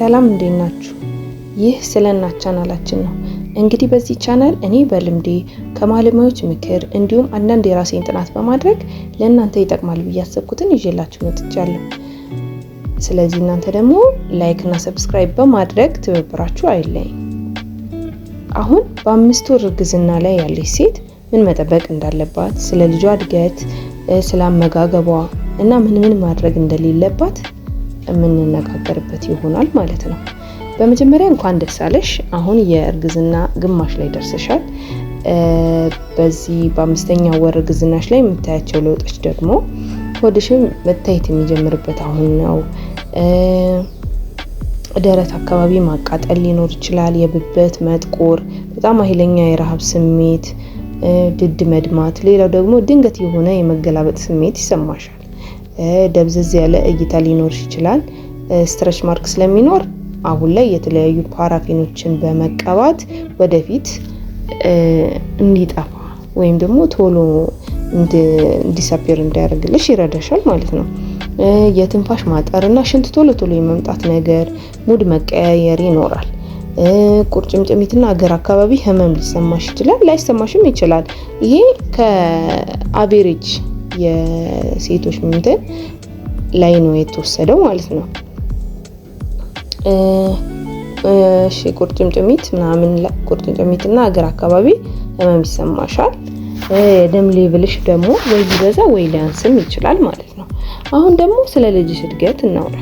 ሰላም እንዴት ናችሁ? ይህ ስለ እናት ቻናላችን ነው። እንግዲህ በዚህ ቻናል እኔ በልምዴ ከባለሙያዎች ምክር እንዲሁም አንዳንድ የራሴን ጥናት በማድረግ ለእናንተ ይጠቅማል ብዬ ያሰብኩትን ይዤላችሁ መጥቻለሁ። ስለዚህ እናንተ ደግሞ ላይክ እና ሰብስክራይብ በማድረግ ትብብራችሁ አይለኝ። አሁን በአምስት ወር እርግዝና ላይ ያለች ሴት ምን መጠበቅ እንዳለባት፣ ስለ ልጇ እድገት፣ ስለ አመጋገቧ እና ምን ምን ማድረግ እንደሌለባት የምንነጋገርበት ይሆናል ማለት ነው። በመጀመሪያ እንኳን ደስ አለሽ። አሁን የእርግዝና ግማሽ ላይ ደርሰሻል። በዚህ በአምስተኛ ወር እርግዝናሽ ላይ የምታያቸው ለውጦች ደግሞ ሆድሽም መታየት የሚጀምርበት አሁን ነው። ደረት አካባቢ ማቃጠል ሊኖር ይችላል። የብበት መጥቆር፣ በጣም ኃይለኛ የረሃብ ስሜት፣ ድድ መድማት፣ ሌላው ደግሞ ድንገት የሆነ የመገላበጥ ስሜት ይሰማሻል። ደብዘዝ ያለ እይታ ሊኖርሽ ይችላል። ስትረች ማርክ ስለሚኖር አሁን ላይ የተለያዩ ፓራፊኖችን በመቀባት ወደፊት እንዲጠፋ ወይም ደግሞ ቶሎ እንዲሰፔር እንዳያደርግልሽ ይረዳሻል ማለት ነው። የትንፋሽ ማጠር እና ሽንት ቶሎ ቶሎ የመምጣት ነገር፣ ሙድ መቀያየር ይኖራል። ቁርጭምጭሚትና እግር አካባቢ ህመም ሊሰማሽ ይችላል፣ ላይሰማሽም ይችላል። ይሄ ከአቬሬጅ የሴቶች ምንትን ላይ ነው የተወሰደው ማለት ነው። እሺ ቁርጭምጭሚት ምናምን ቁርጭምጭሚት እና እግር አካባቢ ህመም ይሰማሻል። የደም ሌብልሽ ደግሞ ወይ ሊበዛ ወይ ሊያንስም ይችላል ማለት ነው። አሁን ደግሞ ስለ ልጅሽ እድገት እናውራ።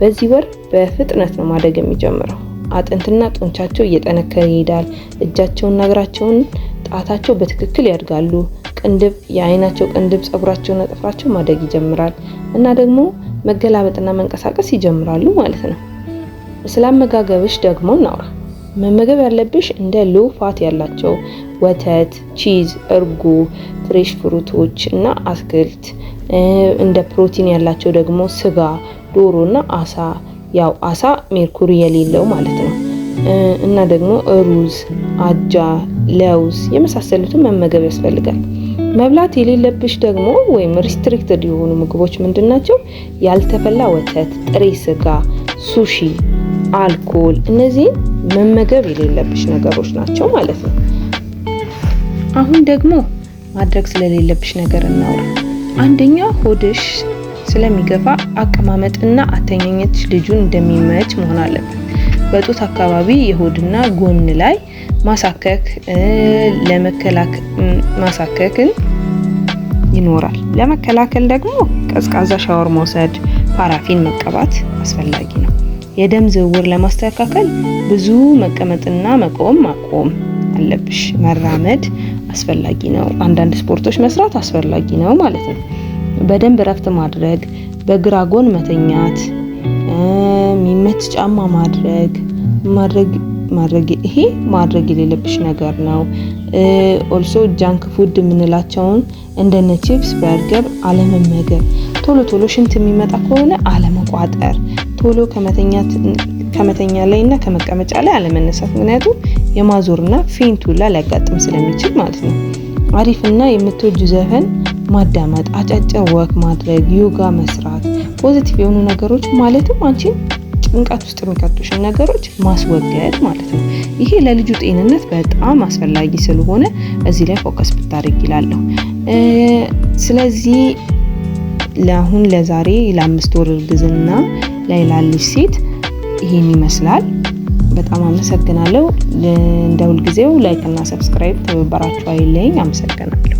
በዚህ ወር በፍጥነት ነው ማደግ የሚጀምረው። አጥንትና ጡንቻቸው እየጠነከረ ይሄዳል። እጃቸውና እግራቸውን ጣታቸው በትክክል ያድጋሉ። ቅንድብ፣ የአይናቸው ቅንድብ፣ ጸጉራቸውና ጥፍራቸው ማደግ ይጀምራል እና ደግሞ መገላበጥና መንቀሳቀስ ይጀምራሉ ማለት ነው። ስለ አመጋገብሽ ደግሞ እናውራ። መመገብ ያለብሽ እንደ ሎ ፋት ያላቸው ወተት፣ ቺዝ፣ እርጎ፣ ፍሬሽ ፍሩቶች እና አትክልት፣ እንደ ፕሮቲን ያላቸው ደግሞ ስጋ፣ ዶሮ እና አሳ፣ ያው አሳ ሜርኩሪ የሌለው ማለት ነው እና ደግሞ ሩዝ፣ አጃ፣ ለውዝ የመሳሰሉትን መመገብ ያስፈልጋል። መብላት የሌለብሽ ደግሞ ወይም ሪስትሪክትድ የሆኑ ምግቦች ምንድን ናቸው? ያልተፈላ ወተት፣ ጥሬ ስጋ፣ ሱሺ፣ አልኮል እነዚህን መመገብ የሌለብሽ ነገሮች ናቸው ማለት ነው። አሁን ደግሞ ማድረግ ስለሌለብሽ ነገር እናውራ። አንደኛ ሆድሽ ስለሚገፋ አቀማመጥና አተኛኘትሽ ልጁን እንደሚመች መሆን አለበት። በጡት አካባቢ የሆድና ጎን ላይ ማሳከክ ማሳከክን ይኖራል። ለመከላከል ደግሞ ቀዝቃዛ ሻወር መውሰድ፣ ፓራፊን መቀባት አስፈላጊ ነው። የደም ዝውውር ለማስተካከል ብዙ መቀመጥና መቆም ማቆም አለብሽ። መራመድ አስፈላጊ ነው። አንዳንድ ስፖርቶች መስራት አስፈላጊ ነው ማለት ነው። በደንብ እረፍት ማድረግ፣ በግራ ጎን መተኛት፣ የሚመች ጫማ ማድረግ ማድረግ ማድረግ ይሄ ማድረግ የሌለብሽ ነገር ነው። ኦልሶ ጃንክ ፉድ የምንላቸውን እንደነ ቺፕስ፣ በርገር አለመመገብ፣ ቶሎ ቶሎ ሽንት የሚመጣ ከሆነ አለመቋጠር፣ ቶሎ ከመተኛ ላይ እና ከመቀመጫ ላይ አለመነሳት፣ ምክንያቱም የማዞርና ፌንት ሁላ ሊያጋጥም ስለሚችል ማለት ነው። አሪፍና የምትወጁ ዘፈን ማዳመጥ፣ አጫጭር ወክ ማድረግ፣ ዮጋ መስራት፣ ፖዚቲቭ የሆኑ ነገሮች ማለትም አንቺን ጭንቀት ውስጥ የሚከቱሽን ነገሮች ማስወገድ ማለት ነው። ይሄ ለልጁ ጤንነት በጣም አስፈላጊ ስለሆነ እዚህ ላይ ፎከስ ብታደርግ ይላለሁ። ስለዚህ ለአሁን ለዛሬ ለአምስት ወር እርግዝና ላይ ላለች ሴት ይሄን ይመስላል። በጣም አመሰግናለሁ። እንደ ሁልጊዜው ላይክ እና ሰብስክራይብ ትብብራችሁ አይለኝ። አመሰግናለሁ።